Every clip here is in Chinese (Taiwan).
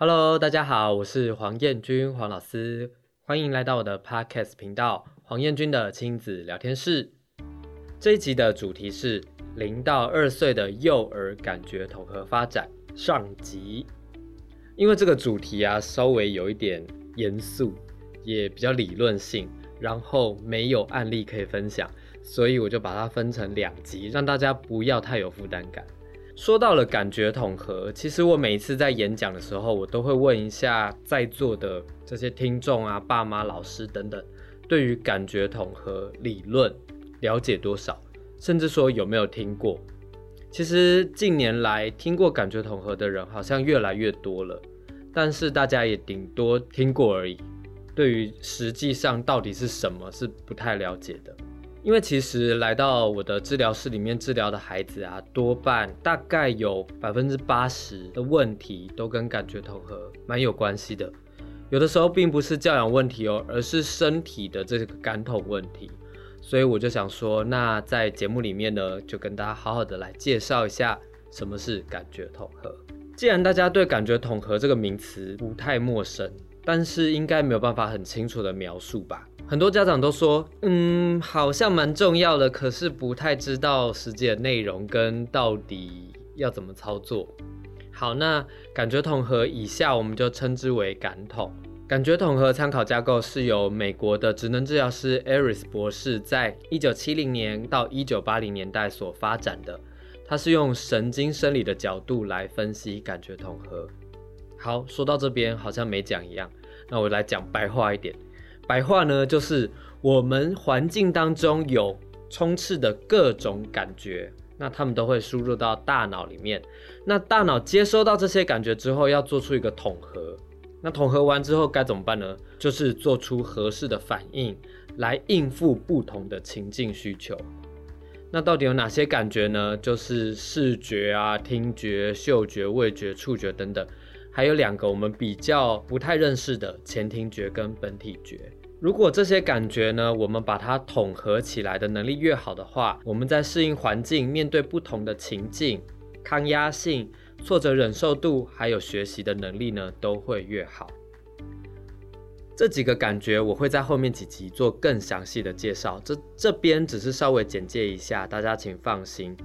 Hello，大家好，我是黃彥君黃老師，歡迎來到我的 podcast 頻道，黃彥君的親子聊天室。這一集的主題是零到二歲的幼兒感覺統合發展，上集。因為這個主題啊，稍微有一點嚴肅，也比較理論性，然後沒有案例可以分享，所以我就把它分成兩集，讓大家不要太有負擔感。說到了感覺統合，其實我每一次在演講的時候，我都會問一下在座的這些聽眾啊、爸媽、老師等等，對於感覺統合理論了解多少？甚至說有沒有聽過。其實近年來聽過感覺統合的人好像越來越多了，但是大家也頂多聽過而已，對於實際上到底是什麼是不太了解的。因為其實來到我的治療室裡面治療的孩子啊，多半大概有百分之八十的問題都跟感覺統合蠻有關係的，有的時候並不是教養問題哦，而是身體的這個感統問題，所以我就想說，那在節目裡面呢，就跟大家好好的來介紹一下什麼是感覺統合。既然大家對感覺統合這個名詞不太陌生，但是應該沒有辦法很清楚的描述吧。很多家長都說，嗯，好像蠻重要的，可是不太知道實際的內容跟到底要怎麼操作。好，那感覺統合以下我們就稱之為感統。感覺統合參考架構是由美國的職能治療師艾瑞斯博士在1970年到1980年代所發展的，他是用神經生理的角度來分析感覺統合。好，說到這邊好像沒講一樣，那我來講白話一點。白話呢，就是我們環境當中有充斥的各種感覺，那他們都會輸入到大腦裡面。那大腦接收到這些感覺之後，要做出一個統合。那統合完之後該怎麼辦呢？就是做出合適的反應，來應付不同的情境需求。那到底有哪些感覺呢？就是視覺啊、聽覺、嗅覺、味覺、觸覺、觸覺等等，還有兩個我們比較不太認識的前庭覺跟本體覺。如果這些感覺呢，我們把它統合起來的能力越好的話，我們在適應環境、面對不同的情境、抗壓性、挫折忍受度，還有學習的能力呢，都會越好。這幾個感覺我會在後面幾集做更詳細的介紹，這這邊只是稍微簡介一下，大家請放心。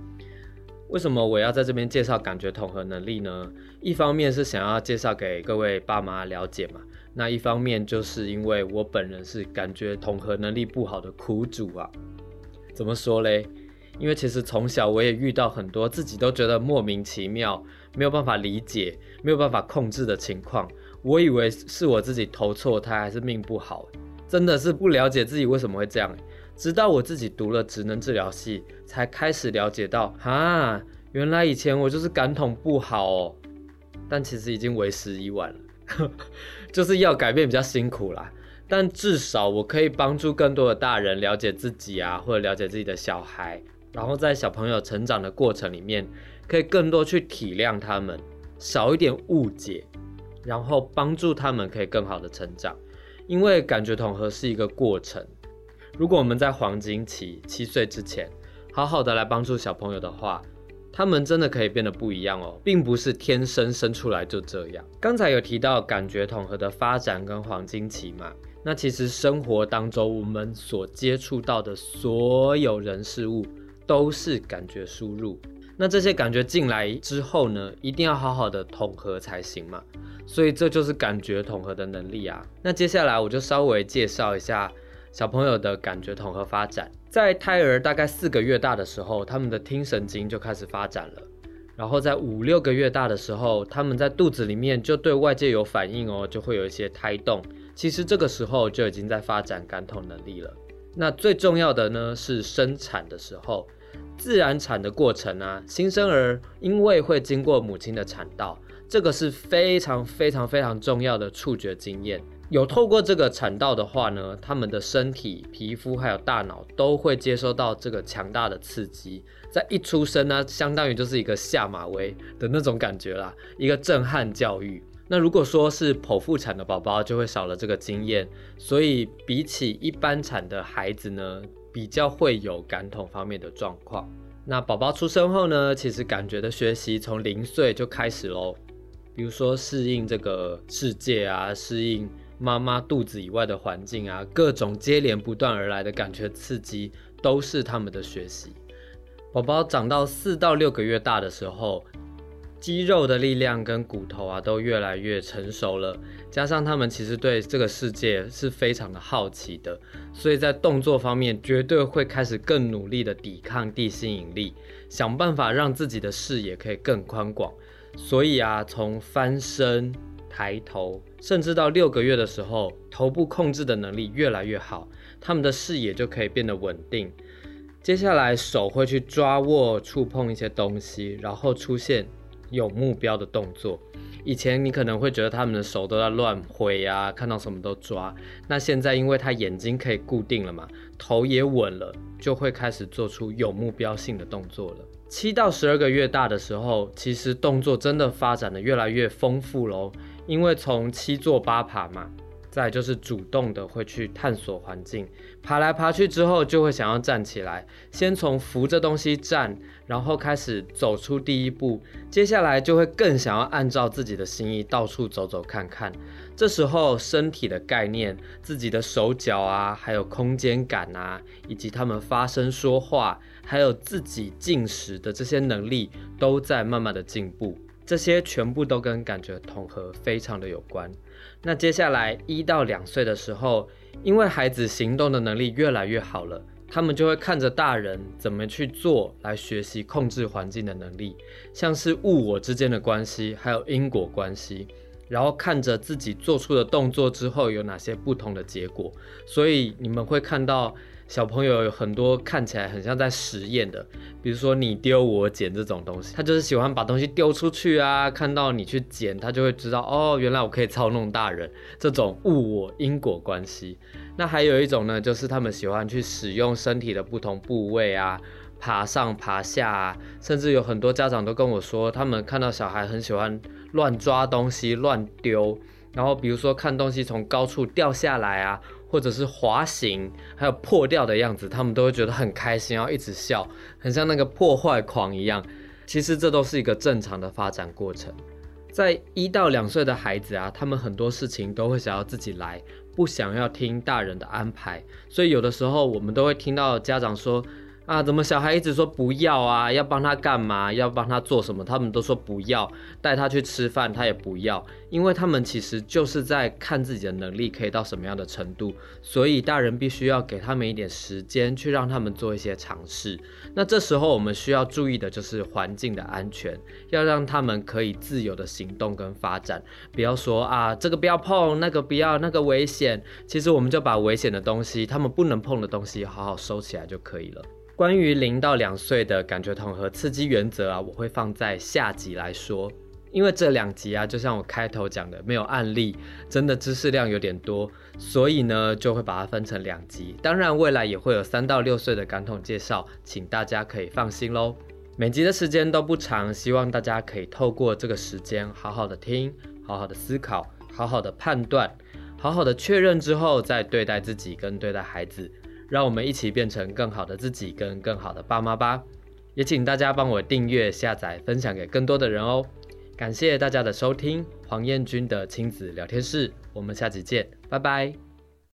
為什麼我要在這邊介紹感覺統合能力呢？一方面是想要介紹給各位爸媽了解嘛，那一方面就是因為我本人是感覺統合能力不好的苦主啊。怎麼說嘞？因為其實從小我也遇到很多自己都覺得莫名其妙、沒有辦法理解、沒有辦法控制的情況。我以為是我自己投錯胎，還是命不好，真的是不了解自己為什麼會這樣。直到我自己讀了職能治療系，才開始了解到，哈、啊，原來以前我就是感統不好哦。但其實已經為時已晚了呵呵，就是要改變比較辛苦啦。但至少我可以幫助更多的大人了解自己啊，或者了解自己的小孩，然後在小朋友成長的過程裡面，可以更多去體諒他們，少一點誤解，然後幫助他們可以更好的成長。因為感覺統合是一個過程。如果我們在黃金期七歲之前好好的來幫助小朋友的話，他們真的可以變得不一樣哦，並不是天生生出來就這樣。剛才有提到感覺統合的發展跟黃金期嘛，那其實生活當中我們所接觸到的所有人事物都是感覺輸入，那這些感覺進來之後呢，一定要好好的統合才行嘛，所以這就是感覺統合的能力啊。那接下來我就稍微介紹一下。小朋友的感覺統合發展，在胎兒大概四個月大的時候，他們的聽神經就開始發展了。然後在五六個月大的時候，他們在肚子裡面就對外界有反應哦，就會有一些胎動。其實這個時候就已經在發展感統能力了。那最重要的呢是生產的時候，自然產的過程啊，新生兒因為會經過母親的產道，這個是非常非常非常重要的觸覺經驗。有透過這個產道的話呢，他們的身體、皮膚還有大腦都會接收到這個強大的刺激，在一出生呢，啊，相當於就是一個下馬威的那種感覺啦，一個震撼教育。那如果說是剖腹產的寶寶，就會少了這個經驗，所以比起一般產的孩子呢，比較會有感統方面的狀況。那寶寶出生後呢，其實感覺的學習從零歲就開始嘍，比如說適應這個世界啊，適應。媽媽肚子以外的環境啊，各種接連不斷而來的感覺刺激，都是他們的學習。寶寶長到四到六個月大的時候，肌肉的力量跟骨頭啊都越來越成熟了，加上他們其實對這個世界是非常的好奇的，所以在動作方面絕對會開始更努力地抵抗地心引力，想辦法讓自己的視野可以更寬廣。所以啊，從翻身。抬頭，甚至到六個月的時候，頭部控制的能力越來越好，他們的視野就可以變得穩定。接下來手會去抓握、觸碰一些東西，然後出現有目標的動作。以前你可能會覺得他們的手都在亂揮啊，看到什麼都抓。那現在因為他眼睛可以固定了嘛，頭也穩了，就會開始做出有目標性的動作了。七到十二個月大的時候，其實動作真的發展得越來越豐富嘍。因為從七坐八爬嘛，再就是主動的會去探索環境，爬來爬去之後就會想要站起來，先從扶着東西站，然後開始走出第一步，接下來就會更想要按照自己的心意到處走走看看。這時候身體的概念、自己的手腳啊，還有空間感啊，以及他們發聲說話，還有自己進食的這些能力，都在慢慢的進步。這些全部都跟感覺統合非常的有關。那接下來一到兩歲的時候，因為孩子行動的能力越來越好了，他們就會看着大人怎麼去做，來學習控制環境的能力，像是物我之間的關係，還有因果關係，然後看着自己做出的動作之後有哪些不同的結果。所以你們會看到。小朋友有很多看起來很像在實驗的，比如說你丟我撿這種東西，他就是喜歡把東西丟出去啊，看到你去撿，他就會知道哦，原來我可以操弄大人這種物我因果關係。那還有一種呢，就是他們喜歡去使用身體的不同部位啊，爬上爬下啊，甚至有很多家長都跟我說，他們看到小孩很喜歡亂抓東西、亂丟。然後，比如說看東西從高處掉下來啊，或者是滑行，還有破掉的樣子，他們都會覺得很開心，然後一直笑，很像那個破壞狂一樣。其實這都是一個正常的發展過程。在一到兩歲的孩子啊，他們很多事情都會想要自己來，不想要聽大人的安排，所以有的時候我們都會聽到家長說。啊，怎麼小孩一直說不要啊？要幫他幹嘛？要幫他做什麼？他們都說不要，帶他去吃飯，他也不要，因為他們其實就是在看自己的能力可以到什麼樣的程度，所以大人必須要給他們一點時間，去讓他們做一些嘗試。那這時候我們需要注意的就是環境的安全，要讓他們可以自由的行動跟發展，不要說啊，這個不要碰，那個不要，那個危險。其實我們就把危險的東西，他們不能碰的東西，好好收起來就可以了。關於零到兩歲的感覺統合刺激原則啊，我會放在下集來說，因為這兩集啊，就像我開頭講的，沒有案例，真的知識量有點多，所以呢，就會把它分成兩集。當然，未來也會有三到六歲的感統介紹，請大家可以放心嘍。每集的時間都不長，希望大家可以透過這個時間，好好的聽，好好的思考，好好的判斷，好好的確認之後，再對待自己跟對待孩子。讓我們一起變成更好的自己，跟更好的爸媽吧！也請大家幫我訂閱、下載、分享給更多的人哦！感謝大家的收聽，黃彥君的親子療天室，我們下集見，拜拜。